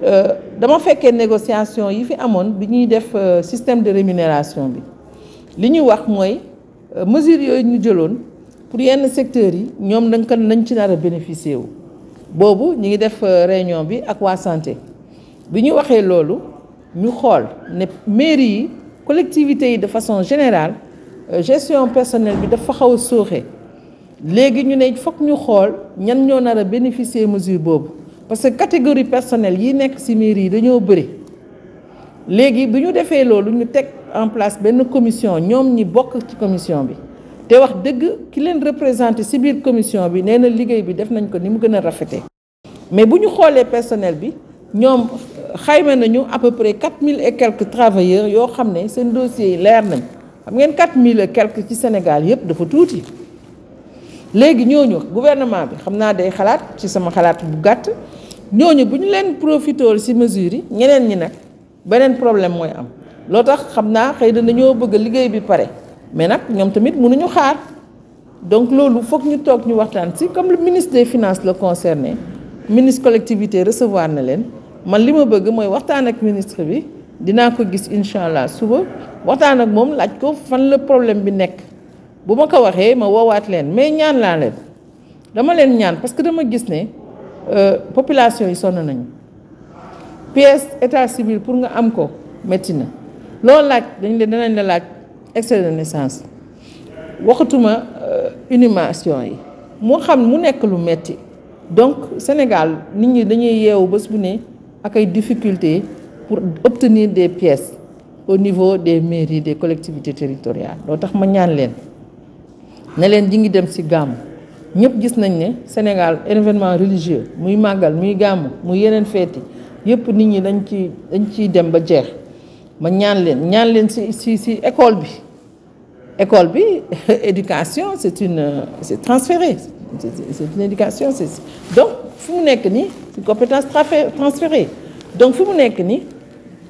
Euh, dama fekkee négociation yi fi amone biñuy def euh, système de rémunération bi li wax moy euh, mesure yoy ñu jëlone pour yenn secteur yi ñoom dañ kan nañ ci dara bénéficier wu. bobu ñi ngi def réunion bi ak wa santé bi waxé lolu ñu xol né mairie collectivité yi de façon générale gestion personnelle bi dafa xaw a légui ñu né fokk ñu xol ñan ñoo nar bénéficier mesure bobu parce que catégorie personnelle yi nek ci mairie yi dañoo légui léegi défé lolu ñu teg en place ben commission ñom ñi bokk ci commission bi té wax dëgg ki leen représenter ci biir commission bi néna na liggéey bi def nañ ko ni mu gëna rafété mais buñu xolé personnel bi ñom xayma nañu à peu près 4000 et quelques travailleurs yo xamné seen dossier yi leer nañ xam ngeen 4000 et quelques ci Sénégal yépp dafa touti légui ñooñu gouvernement bi xamna day xalaat ci sama xalaat bu gàtt ñooñu bu ñu leen profitool ci mesure yi ñeneen ñi nag beneen problème mooy am loo tax xam naa xëy na nañoo bëgg liggéey bi pare mais nag ñoom tamit mënuñu xaar donc loolu foog ñu toog ñu waxtaan si comme le ministre des finances la concerné ministre collectivité recevoir na leen man li ma bëgg mooy waxtaan ak ministre bi dinaa ko gis incha allah suba waxtaan ak moom laaj ko fan la problème bi nekk bu ma ko waxee ma woowaat leen mais ñaan laa leen dama leen ñaan parce que dama gis ne. Euh, population yi sonn nañ pièce état civil pour nga am ko métti na loolu laaj dañ le danañ la laaj extrait de naissance waxatuma euh, inhumation yi moo xam mu nekk lu metti donc Sénégal nit ñi dañuy yeewu bés bu ne ak ay difficultés pour obtenir des pièces au niveau des mairies des collectivités territoriales loo tax ma ñaan leen ne leen ji ngi dem ci gàmm ñëpp gis nañ ne Sénégal événement religieux muy màggal muy gàmm muy yeneen feeti yépp nit ñi dañ ci dañ ci dem ba jeex ma ñaan leen ñaan leen si si école bi école bi éducation c'est une c'est transféré c'est une éducation c'est donc fu mu nekk compétence transférée donc fu mu nekk ni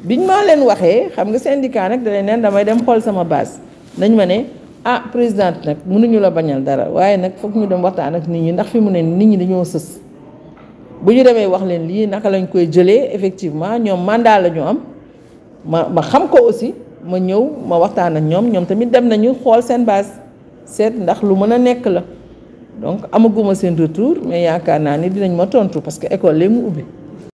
biñ ma leen waxee xam nga syndicat nag da leen neen dem xool sama base ah présidente nag mënuñu la bañal dara waaye nag foog ñu dem waxtaan ak nit ñi ndax fi mu ne nit ñi dañoo sës bu ñu demee wax leen lii naka lañ koy jëlee effectivement ñoom mandat la ñu am ma ma xam ko aussi ma ñëw ma waxtaan ak ñoom ñoom tamit dem nañu xool seen base seet ndax lu mën a nekk la donc amaguma seen retour mais yaakaar naa ni dinañ ma tontu parce que école lee mu ubbi.